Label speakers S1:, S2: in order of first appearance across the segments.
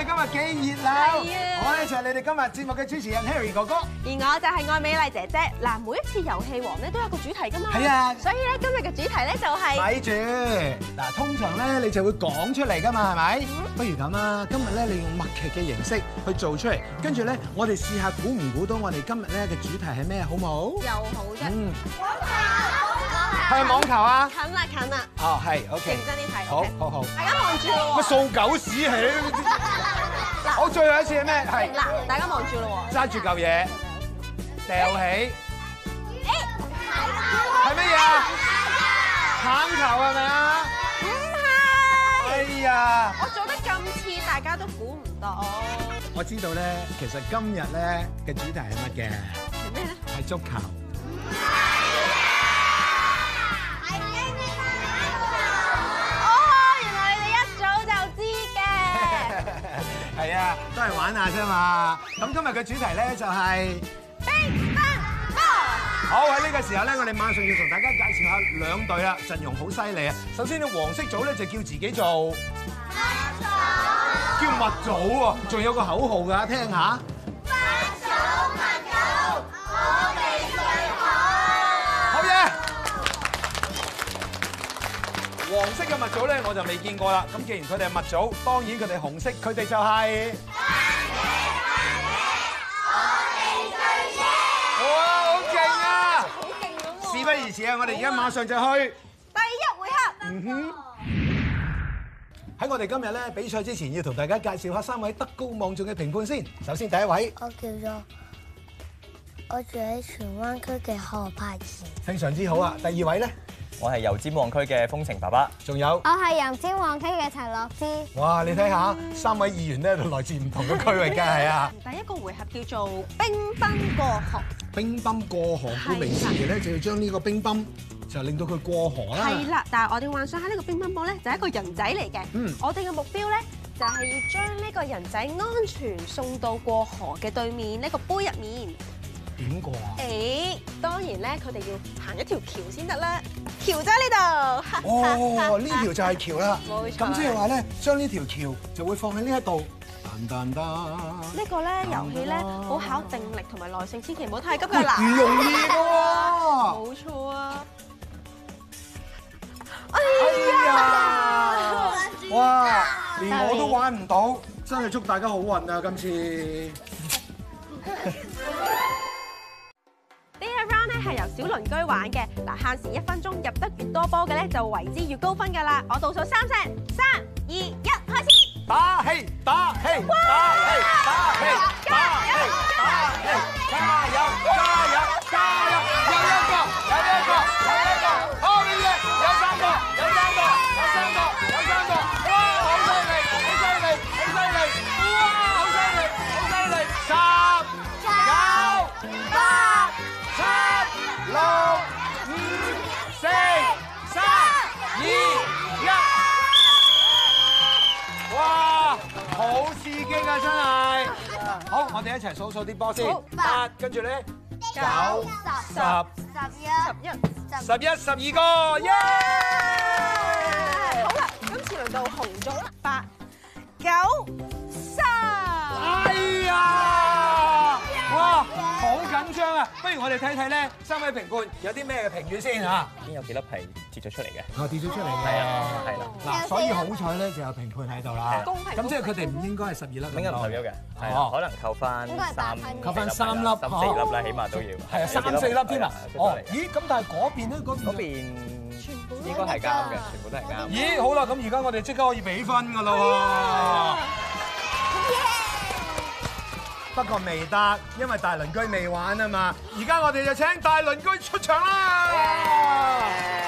S1: 我哋今日幾熱鬧，我咧就係你哋今日節目嘅主持人 Harry
S2: 哥哥，而我就係愛美麗姐姐。嗱，每一次遊戲王咧都有個主題噶嘛，係啊，所以咧今日嘅主題咧就係，睇住。
S1: 嗱，通常咧你就會講出嚟噶嘛，係咪？不如咁啊，今日咧你用默劇嘅形式去做出嚟，跟住咧我哋試下估唔估到我哋今日咧嘅主題係咩，好冇？又好
S2: 嘅，嗯，網球，係網球
S1: 啊，近啊近啊，哦，係，OK，認真啲睇，好好好，大
S2: 家望住，乜
S1: 掃狗屎係？嗱，我最後一次係咩？係嗱，大家望住啦
S2: 喎，
S1: 揸住嚿嘢，掉起，
S2: 咦，係咩嘢啊？棒球係咪啊？唔係。哎呀，我做得咁似，大家都估唔到。
S1: 我知道咧，其實今日咧嘅主題係乜嘅？係咩咧？係足球。啫嘛，咁今日嘅主題咧就係乒乓波。好，喺呢個時候咧，我哋馬上要同大家介紹下兩隊啦，陣容好犀利啊！首先咧，黃色組咧就叫自己做蜜組，叫蜜組喎，仲有個口號噶，聽下蜜組蜜組，我哋最好。好嘢！黃色嘅蜜組咧，我就未見過啦。咁既然佢哋係蜜組，當然佢哋紅色，佢哋就係。我
S2: 哋而家馬上就去第一回
S1: 合。喺我哋今日咧比賽之前，要同大家介紹下三位德高望重嘅評判先。首先第一位，我叫做
S2: 我住喺荃灣區嘅何柏
S1: 賢。非常之好啊！第二位咧，我係油尖旺區嘅風情爸爸。仲有
S2: 我係油尖旺區嘅陳樂之。哇！
S1: 你睇下三位議員咧，來自唔同嘅區域㗎，係啊！第一個回合叫
S2: 做冰山過河。
S1: 乒乓過河，顧名思義咧，就要將呢個乒乓就令到佢過河啦。係
S2: 啦，但係我哋幻想下呢個乒乓波咧，就一個人仔嚟嘅。嗯，我哋嘅目標咧，就係要將呢個人仔安全送到過河嘅對面呢個杯入面。點過啊？誒，當然咧，佢哋要行一條橋先得啦。橋仔呢度。哦，呢條
S1: 就係橋啦。冇錯。咁即係話咧，將呢條橋就會放喺呢一度。呢、
S2: 這個咧遊戲咧好考定力同埋耐性，千祈唔好太急噶啦。唔容易喎、啊，冇 錯啊哎！哎呀，哇，連我都
S1: 玩唔到，真係祝大家好運啊！今次
S2: 呢一 round 咧係由小鄰居玩嘅，嗱，限時一分鐘，入得越多波嘅咧就為之越高分噶啦。我倒數三聲，三二一，開始。打嘿打嘿打嘿打嘿打嘿打嘿加油，
S1: 加油！一齊數數啲波先，八，跟住咧九、十、十一、十一、十一、十二
S2: 個，一。好啦，今次嚟到紅組啦，八、九、十。哎呀！哇，
S1: 好緊張啊！不如我哋睇睇咧三位評判有啲咩評語先嚇。已經有幾粒皮？跌咗出嚟嘅，跌、哦、咗出嚟啊，係啦。嗱，所以好彩咧，就有評判喺度啦。咁即係佢哋唔應該係十二粒，咁有
S2: 代表嘅，哦，可能扣翻，應該扣翻三粒、咁四粒啦、啊，起碼都要。係啊，三四粒添啊！哦，
S1: 咦？咁但係嗰邊咧？嗰邊，邊？全部都係啱嘅，全部都係啱、啊。咦？好啦，咁而家我哋即刻可以畀分噶咯。不過未得，因為大鄰居未玩啊嘛。而家我哋就請大鄰居出場啦。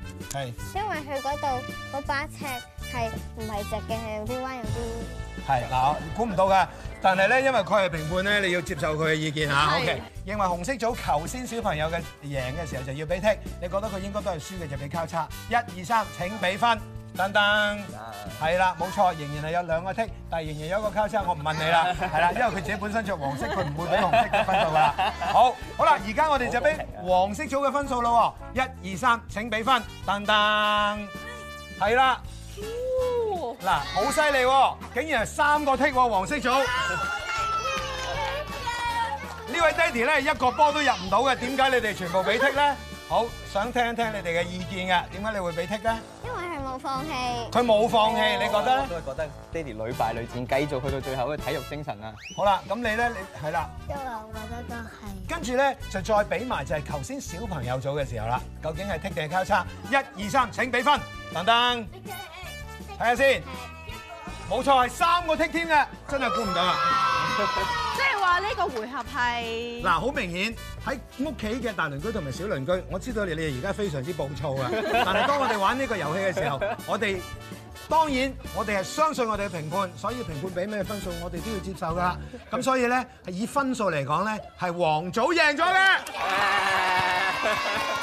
S2: 係，因為佢嗰度嗰把尺係唔係
S1: 直嘅，係有啲彎有啲。係，嗱，估唔到噶。但係咧，因為佢係評判咧，你要接受佢嘅意見吓。OK，認為紅色組頭先小朋友嘅贏嘅時候就要俾剔，你覺得佢應該都係輸嘅就俾交叉。一二三，請俾分。等等，係啦，冇錯，仍然係有兩個剔，但係仍然有一個交叉，我唔問你啦，係啦，因為佢自己本身着黃色，佢唔會俾紅色嘅分數噶啦。好好啦，而家我哋就俾黃色組嘅分數啦，一、二、三，請俾分，等等，係啦，嗱，好犀利喎，竟然係三個剔 i 喎，黃色組。呢位爹哋咧一個波都入唔到嘅，點解你哋全部俾剔咧？好，想聽一聽你哋嘅意見嘅，點解你會俾剔咧？
S2: 佢冇放棄，佢冇放棄，你覺得咧？我
S1: 都係覺得爹哋屢敗屢戰，繼續去到最後嘅體育精神啊！好啦，咁你咧，係啦，都係覺得
S2: 都係。
S1: 跟住咧就再俾埋就係頭先小朋友組嘅時候啦，究竟係剔定交叉？一二三，請俾分，等等，睇下先，冇錯係三個剔添嘅，真係估唔到啊！
S2: 即係話呢個回合係嗱，
S1: 好明顯。喺屋企嘅大鄰居同埋小鄰居，我知道你哋而家非常之暴躁啊！但係當我哋玩呢個遊戲嘅時候，我哋當然我哋係相信我哋嘅評判，所以評判俾咩分數，我哋都要接受㗎。咁所以呢，以分數嚟講呢，係黃組贏咗
S2: 咧。Yeah.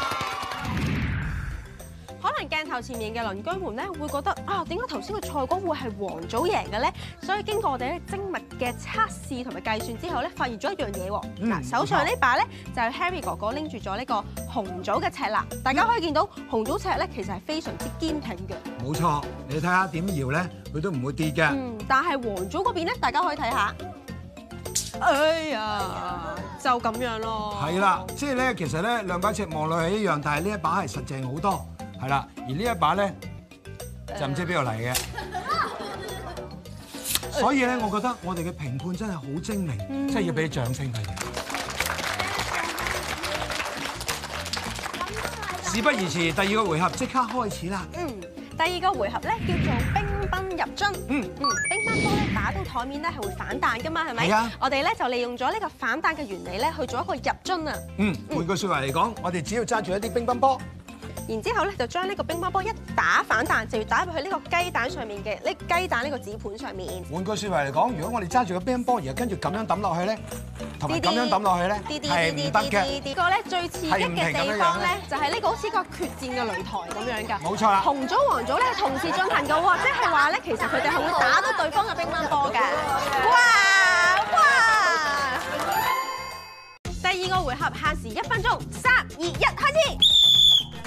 S2: 鏡頭前面嘅鄰居們咧，會覺得啊，點解頭先個賽果會係黃組贏嘅咧？所以經過我哋精密嘅測試同埋計算之後咧，發現咗一樣嘢、嗯。嗱，手上呢把咧就係 Harry 哥哥拎住咗呢個紅組嘅尺啦、嗯。大家可以見到紅組尺咧，其實係非常之堅挺嘅。
S1: 冇錯，你睇下點搖咧，佢都唔會跌嘅。
S2: 但係黃組嗰邊咧，大家可以睇下。哎呀，就咁樣咯。
S1: 係啦，即係咧，其實咧兩把尺望落係一樣，但係呢一把係實淨好多。係啦，而呢一把咧就唔知邊度嚟嘅，
S2: 所以
S1: 咧，我覺得我哋嘅評判真係好精明，真係要俾掌聲佢哋。事不宜遲，第二個回合即刻開始啦。嗯，
S2: 第二個回合咧叫做乒乓入樽。嗯嗯，乒乓波咧打到台面咧係會反彈㗎嘛，係咪？係啊。我哋咧就利用咗呢個反彈嘅原理咧去做一個入樽啊。
S1: 嗯，換句説話嚟講，我哋只要揸住一啲乒乓波。
S2: 然之後咧，就將呢個乒乓波一打反彈，就要打入去呢個雞蛋上面嘅呢雞蛋呢個紙盤上面。
S1: 換句説話嚟講，如果我哋揸住個乒乓波，然後跟住咁樣抌落去咧，同埋咁樣抌落去咧，係唔得嘅。呢
S2: 個咧最刺激嘅地方咧就係呢個好似個決戰嘅擂台咁樣㗎。冇錯啦。紅組黃組咧同時進行嘅，哇！即係話咧，其實佢哋係會打到對方嘅乒乓波嘅。哇哇！第二個回合限時一分鐘，三二一，開始。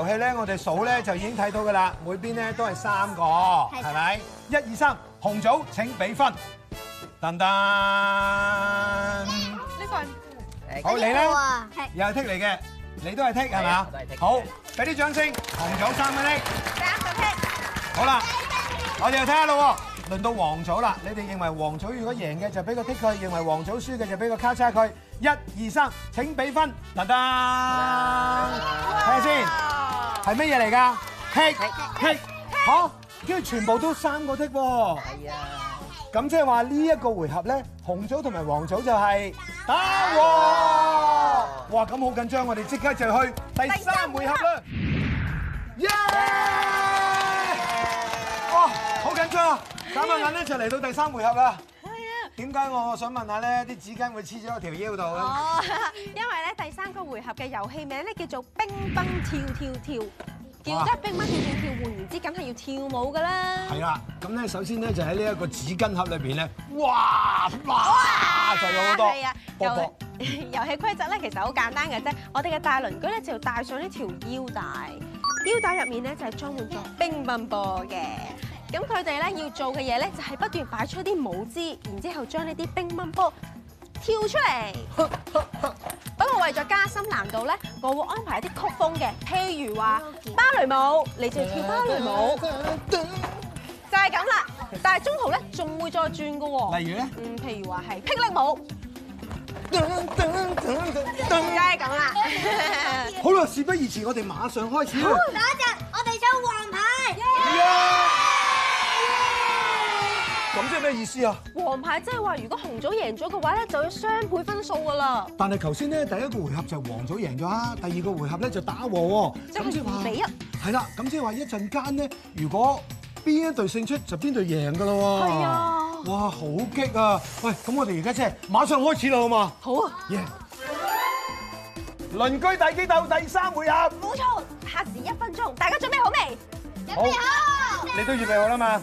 S1: 遊戲咧，我哋數咧就已經睇到㗎喇。每邊咧都係三個，係咪？一二三，紅組請俾分，噔噔。
S2: 呢份好，你咧，
S1: 又係剔嚟嘅，你都係剔係咪啊？都係剔。好，俾啲掌聲，紅組三分剔。大家就剔。好啦，我哋又剔啦喎。輪到黃組啦，你哋認為黃組如果贏嘅就俾個剔佢，認為黃組輸嘅就俾個卡叉佢。一、二、三，請比分。等等，睇下先，係咩嘢嚟㗎？剔剔嚇，跟住全部都三個剔喎。係啊。咁即係話呢一個回合咧，紅組同埋黃組就係打和。哇，咁好緊張，我哋即刻就去第三回合啦。耶，哇，好緊張啊！眨下眼咧就嚟到第三回合啦。係啊。點解我想問下咧？啲紙巾會黐咗一條腰度咧？
S2: 哦，因為咧第三個回合嘅遊戲名咧叫做乒乓跳跳跳。叫得乒乓跳跳跳，換言之梗係要跳舞噶啦、啊。係啦，
S1: 咁咧首先咧就喺呢一個紙巾盒裏邊咧，
S2: 哇哇就有好多伯伯、啊，有遊，遊戲規則咧其實好簡單嘅啫。我哋嘅大鄰居咧就帶上呢條腰帶，腰帶入面咧就係裝滿咗乒乓波嘅。咁佢哋咧要做嘅嘢咧，就係不斷擺出啲舞姿，然之後將呢啲乒乓波跳出嚟。不過為咗加深難度咧，我會安排一啲曲風嘅，譬如話芭蕾舞，你就跳芭蕾舞，就係咁啦。但係中途咧仲會再轉嘅喎。例如咧？嗯，譬如話係霹靂舞。就係咁啦。
S1: 好啦，事不宜遲，我哋馬上開始啦。第一
S2: 隻，我哋搶黃牌。咁即係咩意思啊？王牌即係話，如果紅組贏咗嘅話咧，就要雙倍分數噶啦。
S1: 但係頭先咧，第一個回合就黃組贏咗啦，第二個回合咧就打和。即係好似互比啊？係啦，咁即係話一陣間咧，如果邊一隊勝出就邊隊贏噶啦。係啊！哇，好激啊！喂，咁我哋而家即係馬上開始啦，好嘛？好啊耶、yeah！鄰居大激鬥第三
S2: 回合錯，冇錯，限時一分鐘，大家準備好未？準備好。好，你都
S1: 預備好啦嘛？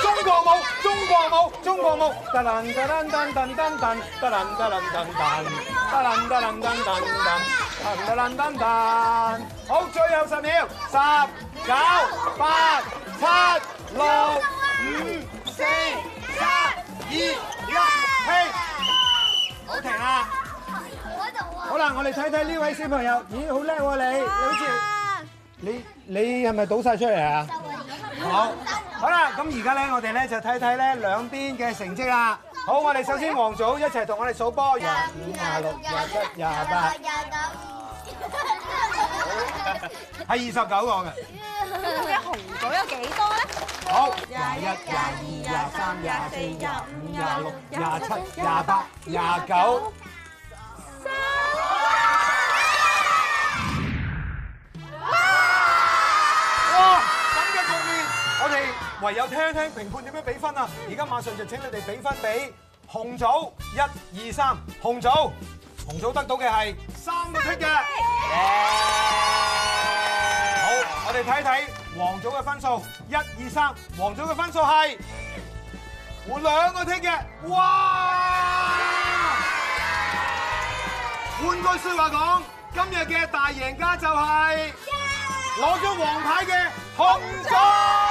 S1: 中國舞，中國舞，中國舞！噠啦噠啦噠噠噠噠，噠啦噠啦
S2: 噠噠，
S1: 噠啦噠啦噠噠噠啦噠啦噠。好，最後十秒，十、九、八、七、六、五、四、三、二、一，停！好停好啊！好啦，我哋睇睇呢位小朋友，咦、嗯，好叻喎、啊啊、你，你！你你係咪倒晒出嚟啊？好。好好啦，咁而家咧，我哋咧就睇睇咧兩邊嘅成績啦。好，我哋首先黃組一齊同我哋數波：廿五、廿六、廿七、廿八、廿九。二，係二十九個嘅。而家紅組
S2: 有幾多咧？好，廿一、廿二、廿三、廿四、廿五、廿
S1: 六、廿七、廿八、廿九。唯有聽聽評判點樣俾分啊！而家馬上就請你哋俾分俾紅組，一、二、三，紅組，紅組得到嘅係三個剔嘅。
S2: 好，
S1: 我哋睇睇黃組嘅分數，一、二、三，黃組嘅分數係換兩個剔嘅。哇！換句説話講，今日嘅大贏家就係攞咗黃牌嘅紅組。